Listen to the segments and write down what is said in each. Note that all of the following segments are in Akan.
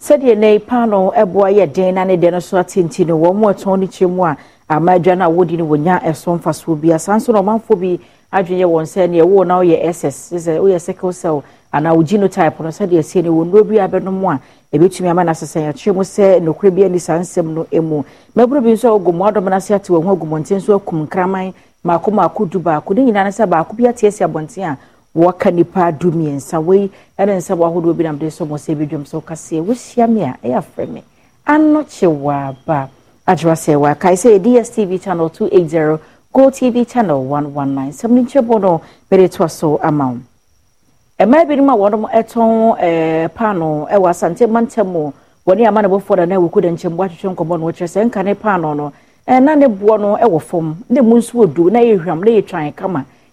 sɛdeɛ na paano ɛboa yɛ den na ne deɛ no so atenten no wɔn mu ɛtɔn ne kyɛn mu a ama adwa no a wɔdi no wɔnya ɛso mfasoɔ bi asan so na ɔmanfoɔ bi adwene yɛ wɔn sɛ neɛ wɔn na wɔyɛ ss sɛ wɔyɛ sickle cell anaa wɔn genotype no sɛdeɛ sie no wɔn nuro bi abɛnom a ebetumi ama n'asesa yɛatwerɛ mu sɛ nokorɛ bi ani saa nsɛm no emu mɛburo bi nso a ɔgu mu adɔm n'ase ate wɔn ho agu mmɔnten so akum nkraman mako mako du baako ne nyinaa no sɛ baako bi ate asi abɔnten a wɔka nipa du mmiɛnsa wei ɛne nsa wahodoɔ bi nam de sɔ mɔsɛ bi dwam sɛ wokaseɛ wohyia me a ɛyɛ afrɛ me anɔkye waaba adwerɛ sɛ waakae sɛ dstv channel 280 go tv channel 119 sɛm no nkyerɛbɔ no mɛde toa so ama wo mmaa binom a wɔnom ɛtɔn ɛɛ eh, paano ɛwɔ asante mantam mu wɔne ama ne bɔfoɔ da na wɔkɔ da nkyɛn mu atwitwe nkɔmɔ no wɔkyerɛ sɛ nka ne paano no ɛna eh, ne boɔ no ɛwɔ fam na mu nso wɔ du na yɛ hwam na yɛ twan kama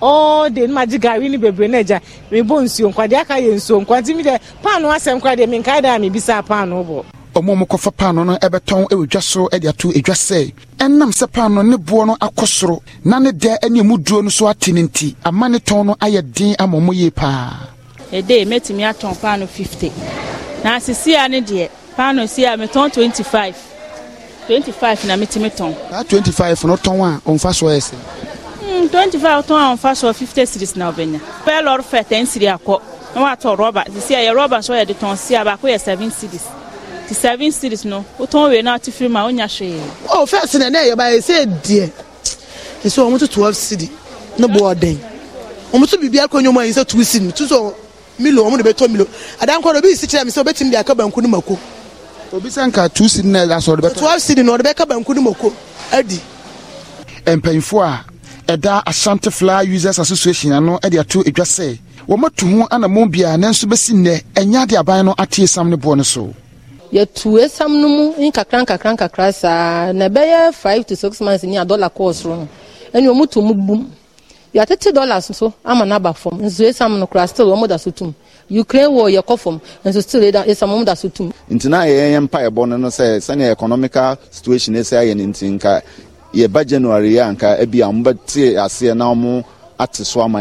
Ọ dị ma ji gari ni bebree n'eja, agya nsuo nkwa aka yɛ nsuo nkwa nti mi deɛ paano asɛm kora deɛ menkae da a mebisa paano bɔ ɔmo a mokɔfa paano no ɛbɛtɔn ɛwɔ e dwa so ɛde e ato edwa sɛ ɛnam sɛ paano ne boɔ no akɔ soro na ne dɛ ɛne emu duro no so ate ne nti ama ne tɔn no ayɛ den ama ɔmo yie paa. ɛdɛ mɛtumi atɔn paano fifty na asisi a ne deɛ paano si a mɛtɔn twenty five twenty five na metumi tɔn. saa twenty five no tɔn a ɔnfa so ɛsɛ. twenty five tɔn a wɔn fa sɔrɔ fifty series na ɔbɛnya bɛɛ lɔri fɛ ten series akɔ na wɔn atɔ rɔba sisi a yɛ rɔba sɔ yɛ de tɔn si a baako yɛ seven series ti seven series no wotɔn wei na ɔti firi mu a wonya hwee. o oh, fɛs na ne yɛ ba yɛ sɛ deɛ wɔn to twelve series ne bɔ ɔdɛn wɔn to biribi akɔ nyɔmu a yɛ e sɛ two series tu sɔ milo wɔn de bɛ tɔ milo adankɔ do obi si kyerɛ mi sɛ obetumi de aka banku ne mako. obi sɛ nka two series na la asɔ ɔde bɛ tɔ twelve series na ɔde bɛ ka banku ne mako adi. mpanyinfoɔ a ɛda ashanti fly users association ano ɛde ato edwa sɛ wɔn atu ho anammɔn biara nanso bɛsi nnɛ ɛnya ade aban no ate esam ne boɔ no so. yɛtu esam no mu nkakra nkakra nkakra saa na ɛbɛyɛ five to six months ni a dollar kɔɔ soro no ɛni wɔn tu mu bum yɛatete dollars nso ama n'aba fam nso esam no kora still wɔn da so tum ukraine wɔ yɛkɔ fam nso still esam wɔn da so tum. ntina yɛn yɛn mpa ɛbɔ no no sɛ sɛnea economical situation esi ayɛ ne nti yɛba january yɛ anka ebi a wɔbɛte aseɛ na wɔn ate so ama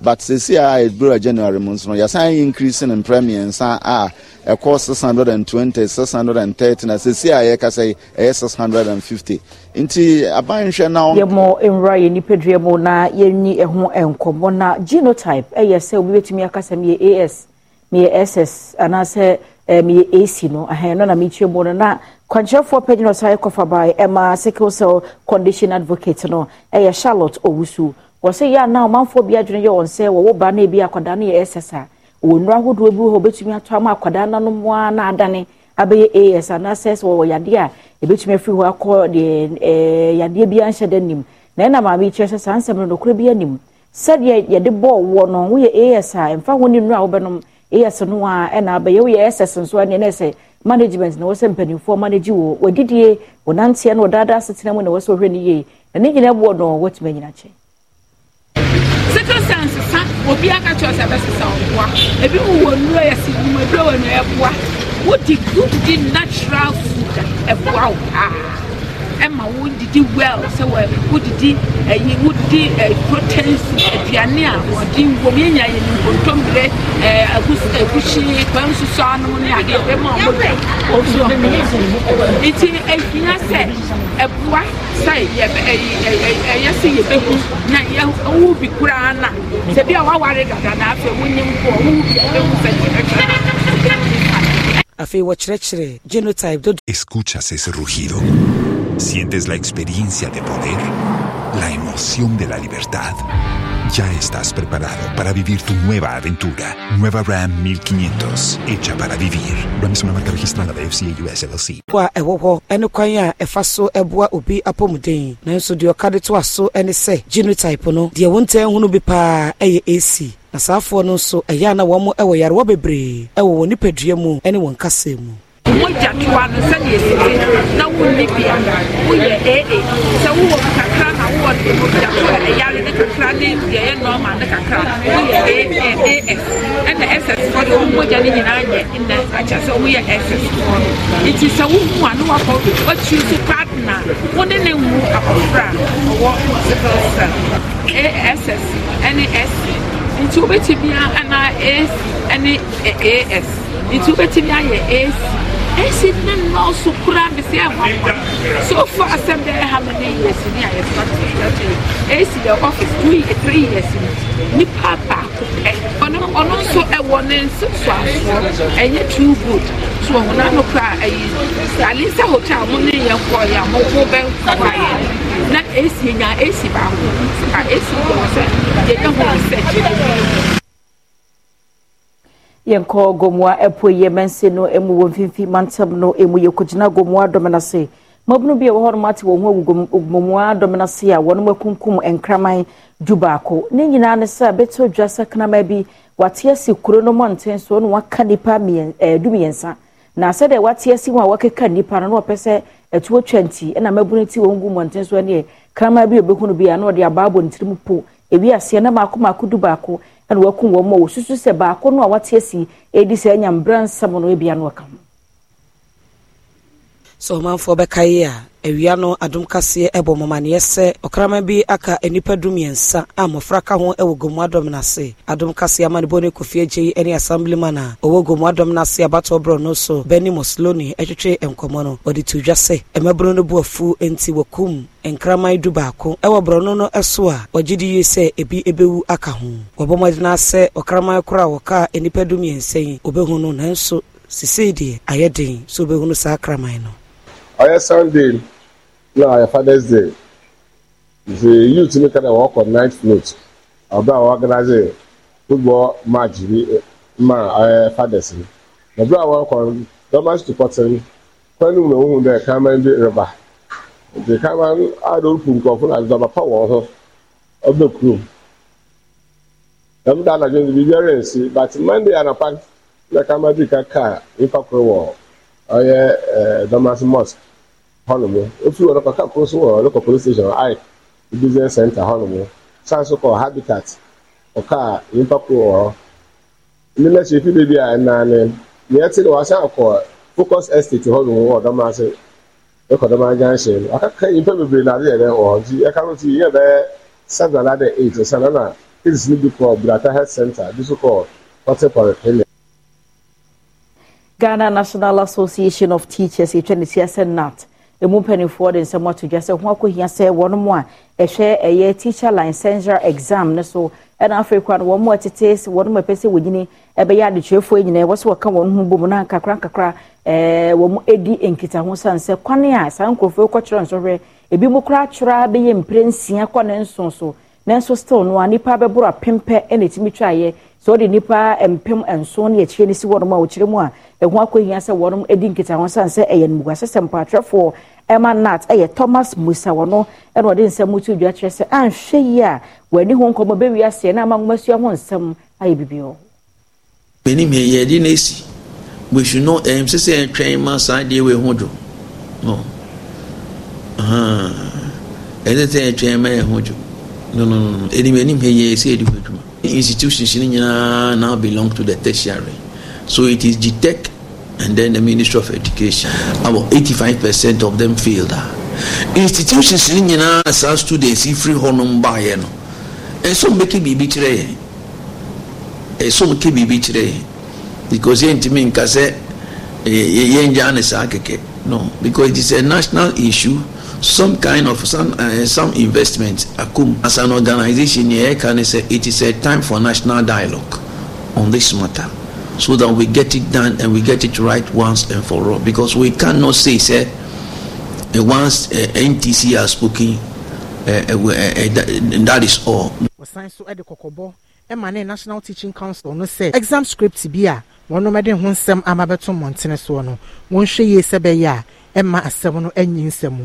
but sisi a edura january mu nso no yɛsan increase ne mpere mmiɛnsa a ɛkɔ six hundred and twenty six hundred and thirty na sisi a yɛkasa yi ɛyɛ six hundred and fifty nti abanhwɛ na. yɛ mɔ nwura yɛ nipadua mu na yɛnyi ɛho nkɔmɔ na genotype ɛyɛ sɛ obi betumi akasa mi yɛ as mi yɛ ss anaasɛ ɛɛ eh, mi yɛ ac no ahɛn no na mi tue mu no na kwankyerɛfoɔ panyin ɔsan kɔfa bae ɛma sickle cell condition advocate no ɛyɛ charlotte owusu wɔsɛ yɛ anaa ɔmanfoɔ bi adwene yɛ wɔn sɛ wɔwɔ ba no ebi akwadaa no yɛ ɛsɛ saa wɔn nnuro ahodoɔ bi wɔ hɔ obetumi ato ama akwadaa no anom a na adane abɛyɛ as anaasɛ sɛ wɔwɔ yadeɛ a ebetumi afiri hɔ akɔ deɛ ɛɛ eh, yadeɛ bi anhyɛ dɛ nim na ɛna maame kyerɛ sɛ saa nsɛm no nokorɛ bi anim sɛdeɛ yɛde bɔɔ wɔ no woyɛ as a mfa ho ne nnuro a wobɛnom as no a ɛna abɛyɛ woyɛ ss nso a neɛ na management na wɔsɛ mpanimfoɔ manage wɔ wɔdidie wɔnanteɛ na wɔdaadaa asetena mu na wɔsɛ wɔhwɛ no yie na ne nyinaa boɔ no wɔatumi anyina kyɛ sickle cell nsesa obi aka kyerɛ sɛ ɛbɛsesa ɔboa ebi mu wɔ nnuro yɛ si nnwuma bi wɔ nnua ɛboa wodi good natural food ɛboa wo paa ah ɛma wodidi well sɛ wɔ wodidi ɛyi wodidi ɛ proteins aduane a wɔde nwom yɛn nyɛ yɛn nkontombire ɛ akusi akusi kwan soso anum ne adeɛ bɛma wɔn de ɔfuro nti ehia sɛ ɛboa sɛ yɛ ɛyi ɛyɛ ɛyɛ sɛ yɛ bɛhu na yɛ ɔwɔ bi koraa na sɛ bi a waware dada na afɛ wonyim kɔ ɔwɔ bi a bɛhu sɛ yɛ bɛhwɛ. Escuchas ese rugido Sientes la experiencia de poder, la emoción de la libertad. Ya estás preparado para vivir tu nueva aventura. Nueva Ram 1500, hecha para vivir. Ram es una marca registrada de FCA US LLC. Wa ewo eh, hɔ ɛne kwan a ɛfa eh, so ɛboa eh, obi apɔmuden nanso deɛ ɔka de to aso ɛne sɛ genotype no deɛ wonte hunu bi paa ɛyɛ AC na safo no nso ɛyɛ a na wɔn ɛwɔ yarewa bebree Ewo wɔn nipadua mu ɛne wɔn kasa mu. mogya toa no sɛdeɛ site na wonni bia woyɛ aa sɛ wowɔ kakra na wowɔ mogya toa ɛyare ne kakra ne deɛyɛ nɔma ne kakra woyɛ as ɛna ss fɔ de wo mogya no nyinaa nyɛ nɛ akyɛ sɛ woyɛ ss fɔ no nti sɛ wohu a ne wakɔ wakyi so partner wo ne ne nwu akɔfra a ɔwɔ sickle cell ass ɛne s nti wobɛtumi a ɛna as ɛne as nti wobɛtumi ayɛ as ɛsi ne nɔɔso kura bisi ɛho akwa so far asɛm dɛ ɛha mi ne years ni a yɛfa to ɛti ɛsi dɛ ɔfis two years three years mu nipa baako pɛ ɔno ɔno nso ɛwɔ ne nso so asoɔ ɛnyɛ too good so ɔmo n'ano kura ɛyi alisa hotel mo ne yɛ kɔ yɛ mo ko bɛ nkɔ ayɛ na ɛsi nya ɛsi baako a ɛsi wɔ sɛ yɛ yɛ ho research yɛnkɔ gomua ɛpo yɛ mɛnse no ɛmu wɔ mfimfin mantam no ɛmu yɛkɔgyina gomua dɔm no ase mabunu bi a ɛwɔ hɔ nom ate wɔn ho agu gomua dɔm no a wɔn akunkum nkraman du baako ne nyinaa ne sɛ abɛtɛ odwa sɛ kraman bi wate asi kuro no mmɔnten so na waka nipa mmiɛn ɛɛ eh, du mmiɛnsa na sɛdeɛ wate asi wɔn a wakeka nipa no na wɔpɛ sɛ ɛtuo twɛnti ɛna mabunu ti wɔn gu mmɔnten so ɛneɛ kraman bi a obɛhunu bi a na ɔde abaa ne tirim po ewi aseɛ na maako maako du baako ɛna wakum wɔn ma wɔsusu sɛ baako no a wate asi edi sɛ ɛnya mbra nsɛm no ebia no ɔka ho. so ɔmanfoɔ bɛka yi a awia no adom kaseɛ ɛbɔ mɔmaneɛ sɛ ɔkraman bi aka nnipa du mmiɛnsa a mmɔfra ka ho wɔ gomu adɔm no ase adom kaseɛ ama ne bɔ ne kofi agye yi ne assemblyman a ɔwɔ gomu adɔm no ase abatoɔ borɔ no so bɛni mosloni atwitwe nkɔmmɔ no wɔde to dwa sɛ ɛmaburo no bu afu enti wɔkum nkraman du baako ɛwɔ borɔno no so a wɔgye di yie sɛ ebi ebɛwu aka ho wɔbɔ mmɔdena sɛ ɔkraman koro a wɔka nnipa du mmiɛnsa yi obɛhu no nanso sisei deɛ ayɛ den sɛ obɛhu no saa kraman no ɔyɛ sunday na your father's day make them work on night float ọbịa organize football match uh, ma uh, fathers na ọbịa work on domestic supporting kwenu na ohun dị kama ndị rịba dị kama adolfu nke ọfụna dọba pawa ọhụ ọbịa kurom dọmda na jọnzi bibi nsi but mande anapa na kama dị ka kaa nfa wọ ọyẹ dọmasi mosque hɔnom ofiri hɔ no kɔka koro so wɔ ɔno kɔ police station ayɛ business center hɔnom san so kɔ habitat ɔkaa nipa koro wɔ hɔ ne na hyɛ fi beebi a ɛnaa ne nea ɛte no wasan akɔ focus estate hɔnom wɔ ɔdɔm ase ɛkɔ dɔm agyan hyɛ no akaka nipa bebree na adeɛ dɛ wɔ hɔ nti ɛka no ti yɛ bɛyɛ seven na de eight ɛsan na cases no bi kɔ brata health center bi so kɔ ɔte polyclinic. Ghana National Association of Teachers, a 26 NAT emu mpanimfoɔ de nsɛm ato dwa sɛ ho akɔhia sɛ wɔn mu a ɛhwɛ ɛyɛ teacher licensure exam ne so ɛna afei kora no wɔn mu a tete wɔn mu a pɛ sɛ wɔnyini ɛbɛyɛ adetwerɛfoɔ nyinaa wɔsɛ wɔka wɔn ho bom na nkakra nkakra ɛɛ wɔn edi nkitaho san sɛ kwan a saa nkurɔfoɔ kɔkyerɛ nsɔhwɛ ebi mu kora atwerɛ bɛyɛ mpere nsia kɔ ne nson so nanso still no nipa bɛboro apempɛ ɛna etimi twa ayɛ so de nipa mpem nson ne akyire ne si wɔn a wɔkyerɛ mu a ɛho akɔhia sɛ wɔn di nkitaho san sɛ ɛyɛ nmugasɛsɛ mpatwerɛfoɔ ɛma nat ɛyɛ thomas musa wɔn ɛna ɔde nsɛm tu dwa kyerɛ sɛ anhwɛ yi a wɔani ho nkɔmɔ bɛwi aseɛ na ama nwoma sua ho nsɛm ayɛ bibi hɔ. benin mi yɛ di n'esi wesu no ɛm sɛ sɛ ɛtwɛn ma saa deɛ wɔ ehu do no ɛn sɛ sɛ ɛtwɛn ma ɛho do no no no anim anim ha yɛ sɛ yɛde ho adwuma institutions no nyinaa now belong to the tertiary so it is gtech and then the ministry of education about 85 percent of them failed institutions no nyinaa saa students ifiri hɔ nom baeɛ no ɛsom bɛka biribi kyerɛ yɛn ɛsom ka biribi kyerɛ yɛn because yɛntumi nka sɛ yɛngyaa ne saa kɛkɛ no because it is a national issue some kind of some uh, some investment akum as an organization here can say it is a time for national dialogue on this matter so that we get it done and we get it right once and for all because we cannot say say uh, once uh, ntc has spoken uh, uh, uh, that, that is all. wɔsan so de kɔkɔbɔ e ma ne national teaching council no sɛ exam script bi a wɔn de ho nsɛm ama bɛto mmɔntene soɔ no wɔnhwɛ yie sɛ bɛyɛ a e ma asɛm no nyi nsɛm mu.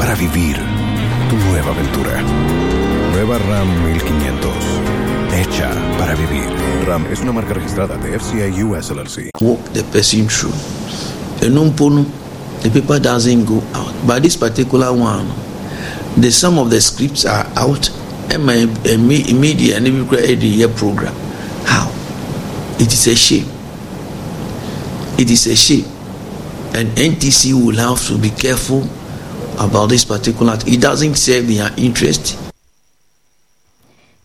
para vivir tu nueva aventura. Nueva RAM 1500. Hecha para vivir. RAM es una marca registrada de FCI US LLC. Walk the person through. The numpunu, the paper doesn't go out. But this particular one, the some of the scripts are out. And my media and every year program. How? It is a shame. It is a shame. And NTC will have to be careful about this particular it doesn't serve their interest.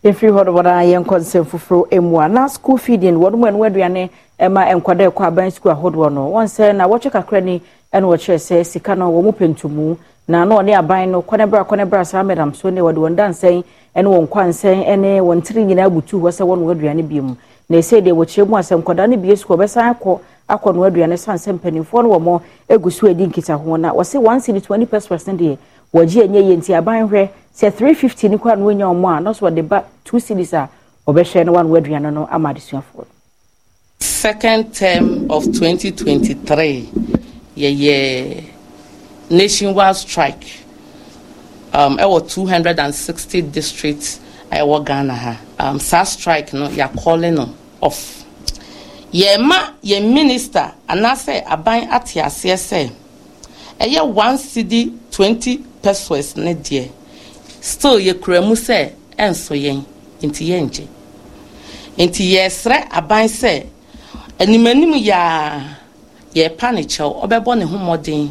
yɛfiri hɔ no wɔn a yɛnkɔ nsɛm foforɔ mu a na school feeding wɔn mu ɛnu aduane ɛma nkwadaa ɛkɔ aban school ahodoɔ no wɔn sɛ na wɔtwe kakra ni ɛna wɔkyerɛ sɛ sika no wɔn mu pentumu na na ɔne aban no kɔnɛbra kɔnɛbra saa madam so ne wɔde wɔn dansɛn ɛne wɔn kwansɛn ɛne wɔn tiri nyinaa butu hɔ sɛ wɔn wɔn aduane bi mu na ɛsɛ deɛ wɔkyerɛ mu asɛm nkwadaa no bie school ɔbɛsan akɔ akɔ no aduane san sɛ mpanimfoɔ no wɔn egu so edi nkitaho na wɔsi once in twenty percent deɛ wɔgye enye yie nti aban hwɛ sɛ three fifty ne kora no enya wɔn a nɔso wɔde ba two series a ɔbɛhwɛ no wɔn aduane no ama adesuafoɔ. second term of twenty twenty three yɛyɛ nationwide strike um, ɛwɔ two hundred and sixty districts ɛwɔ ghana ha um, saa strike no yɛ calling no off. yɛma yɛn minista anaasɛ aban ate aseɛ sɛ ɛyɛ one cd twenty pesos ne deɛ still yɛkura mu sɛ ɛnso yɛn nti yɛngye nti yɛsrɛ aban sɛ animanim yaa yɛpa ne kyɛw ɔbɛbɔ ne ho mmɔden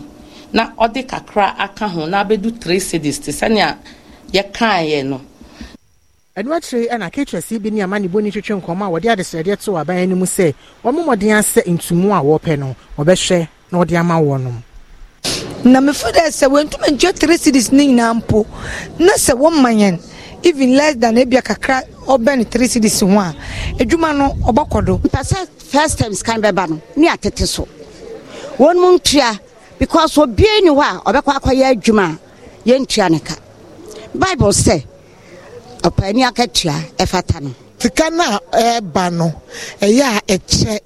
na ɔde kakra aka ho na abɛdu three cds te sɛnea yɛkaa no ɛno akyire ɛna ketrɛsi bi ne ama ne boni twitwe nkɔmɔ a wɔde adesrɛdeɛ to aban no mu sɛ wɔn mmɔden asɛ ntumu a wɔpɛ no wɔbɛhwɛ na wɔde ama wɔn na mefu dɛ sɛ wɔntuma ntua three cities ne nyinaa mpo na sɛ wɔmma yɛn even less than ebia kakra ɔbɛ ne three cities ho a adwuma no ɔbɛkɔ do mpɛ first times kan bɛba no ne atete so wɔn mu ntua because obiara ni hɔ a ɔbɛkɔ akɔyɛ adwuma yɛntua ne ka bible say ɔpaani akatua ɛfata no. sika no a ɛreba no ɛyɛ a ɛkyɛ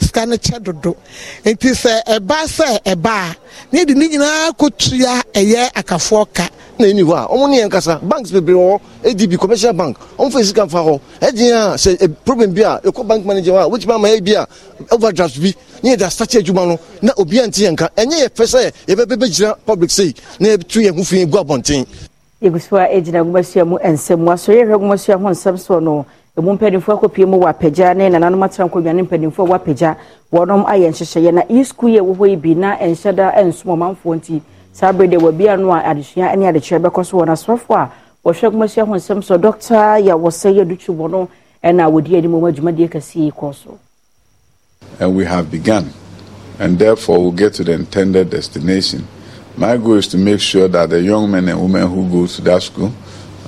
sika no kyɛ dodo nti sɛ ɛba sɛ ɛba a ne de ne nyinaa kɔtua ɛyɛ akafoɔ ka na ɛni hɔ a ɔmo ne yɛn kasa banks bebree wɔ adb commercial bank ɔmo fɛ sika fa hɔ ɛdi a sɛ problem bi a ɛkɔ bank manager hɔ a wotumi ama yɛ bi a overdraft bi ne yɛ da sati adwuma no na obi a nti yɛn ka ɛnyɛ yɛ pɛ sɛ yɛbɛbɛbɛgyina public sei na yɛtu yɛn ho fi gu abɔnten. yɛgusu a gyina agomasua mu nsɛm mu asɔre yɛhwɛ agomasua ho nsɛm soɔ no ɛmu mpanimfoɔ akɔpie mu wɔ apagya ne nananom atena nkonnwa ne mpanimfoɔ wɔ apagya wɔnom ayɛ nhyehyɛeɛ na yɛsukuu yɛ wɔ yi bi na ɛnhyɛ da nsom ɔmanfoɔ nti saa berɛ deɛ wɔabia no a adesua ne adekyerɛ bɛkɔ so wɔ no asɔfoɔ a wɔhwɛ agomasua ho nsɛm soɔ dɔkta yɛwɔsɛ yɛdutwu wɔ no ɛna wɔdi anim ɔma dwumadeɛ kɛseɛ yi kɔ so and we have begun and therefore we'll get to the intended destination My goal is to make sure that the young men and women who go to that school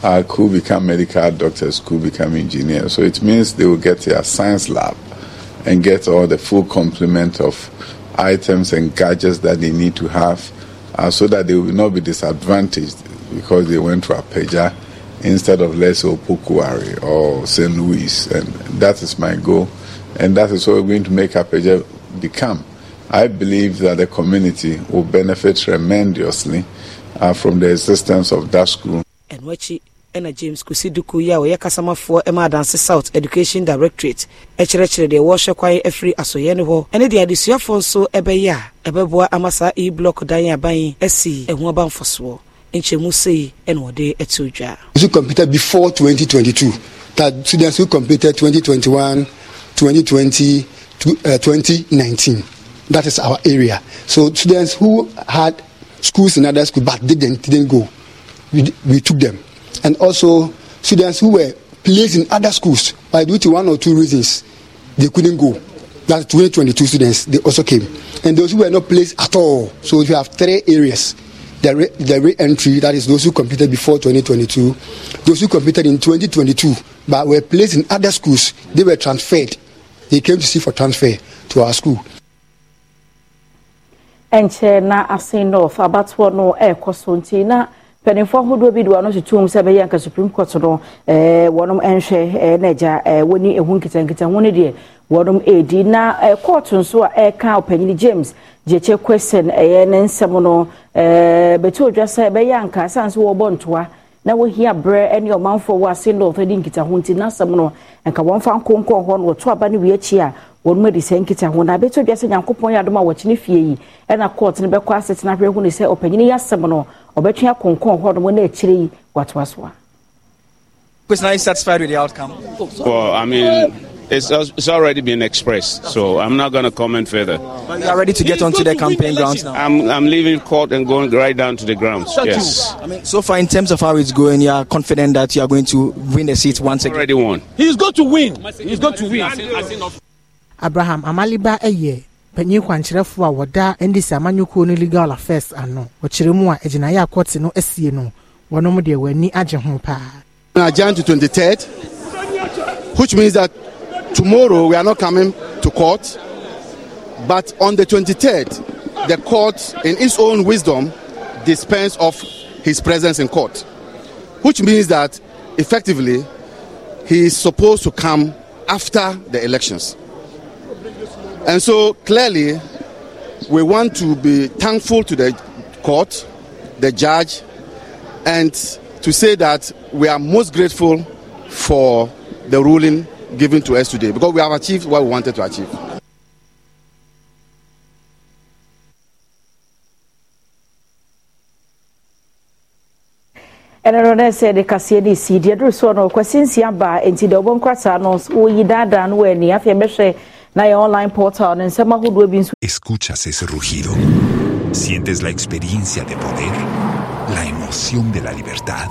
uh, could become medical doctors, could become engineers. So it means they will get their science lab and get all the full complement of items and gadgets that they need to have uh, so that they will not be disadvantaged because they went to Apeja instead of, let's say, or St. Louis. And that is my goal. And that is what we're going to make Apeja become. I believe that the community will benefit tremendously uh, from the existence of that school. ɛno akyi ɛna james kosiduku yi a ɔyɛ kasamafoɔ ma adanse south education directorate ɛkyerɛkyerɛ deɛ wɔrehwɛ kwan afiri asɔyɛ no hɔ ɛne deɛ adesuafoɔ nso ɛbɛyɛ a ɛbɛboa ama saa e block dan aban asi ɛho aba mfasoɔ nkyɛmu sei ɛna ɔde ɛte odwa. nso computer before 2022 that students who completed 2021 2020 2019. That is our area. So students who had schools in other schools but didn't, didn't go, we, we took them. And also students who were placed in other schools by due to one or two reasons, they couldn't go. That's 2022 students, they also came. And those who were not placed at all. So you have three areas. The, re- the re-entry, that is those who completed before 2022, those who completed in 2022 but were placed in other schools, they were transferred. They came to see for transfer to our school. nkyɛn na asen north abatoɔ no ɛrekɔ so nti na mpanimfoɔ ahodoɔ bi de wɔn ano tutu mu sɛ ɛbɛyɛ nka supreme court no ɛɛ wɔn nhwɛ ɛɛ n'agya ɛɛ wɔni ehu nkitankitan wɔn deɛ wɔn edi na ɛɛ eh, court nso a ɛreka eh, ɔpanyin james gyekye question ɛyɛ eh, ne nsɛm no ɛɛ betu odwa sɛ ɛbɛyɛ nka asanso wɔbɔ ntoa na wohi abrɛ ne ɔmanfoɔ wɔ ase lɔɔtɔ de nkitaho nti n'asɛm no nka wɔmfa nkonkɔn hɔ no wɔto aba no wie akyi a wɔn mu sɛ nkitaho na abɛtɔ dwa sɛ nyankopɔn yɛ adom a wɔkye fie yi ɛna kɔɔt no bɛkɔ asetena hwɛ hu ne sɛ ɔpanyini yɛ asɛm no ɔbɛtwe akonkɔn hɔ no na akyire yi watoa so a Is not satisfied with the outcome? Well, I mean, It's, uh, it's already been expressed, so I'm not going to comment further. But you are ready to get onto the campaign grounds now. I'm, I'm leaving court and going right down to the grounds. Yes. I mean, so far in terms of how it's going, you are confident that you are going to win the seat once again. Already won. He's going to win. He He's going to win. Abraham Amaliba Eye. panyin kwankyerɛfoɔ a wɔda ndc amanyɔkuo legal affairs ano wɔkyerɛ mu a agyinaeɛ akɔte no asie no wɔnom deɛ wɔani agye to 23rd which means that Tomorrow, we are not coming to court, but on the 23rd, the court, in its own wisdom, dispense of his presence in court, which means that effectively he is supposed to come after the elections. And so clearly, we want to be thankful to the court, the judge, and to say that we are most grateful for the ruling given to us today because we have achieved what we wanted to achieve. ɛno no ne sɛ de kaseɛ ne si deɛ duru soɔ no kwasi nsia baa nti deɛ wɔbɔ nkrataa no wɔyi daadaa no wɔ ani afei bɛhwɛ na yɛ online portal no nsɛm ahodoɔ bi nso. escuchas ese rugido sientes la experiencia de poder la emoción de la libertad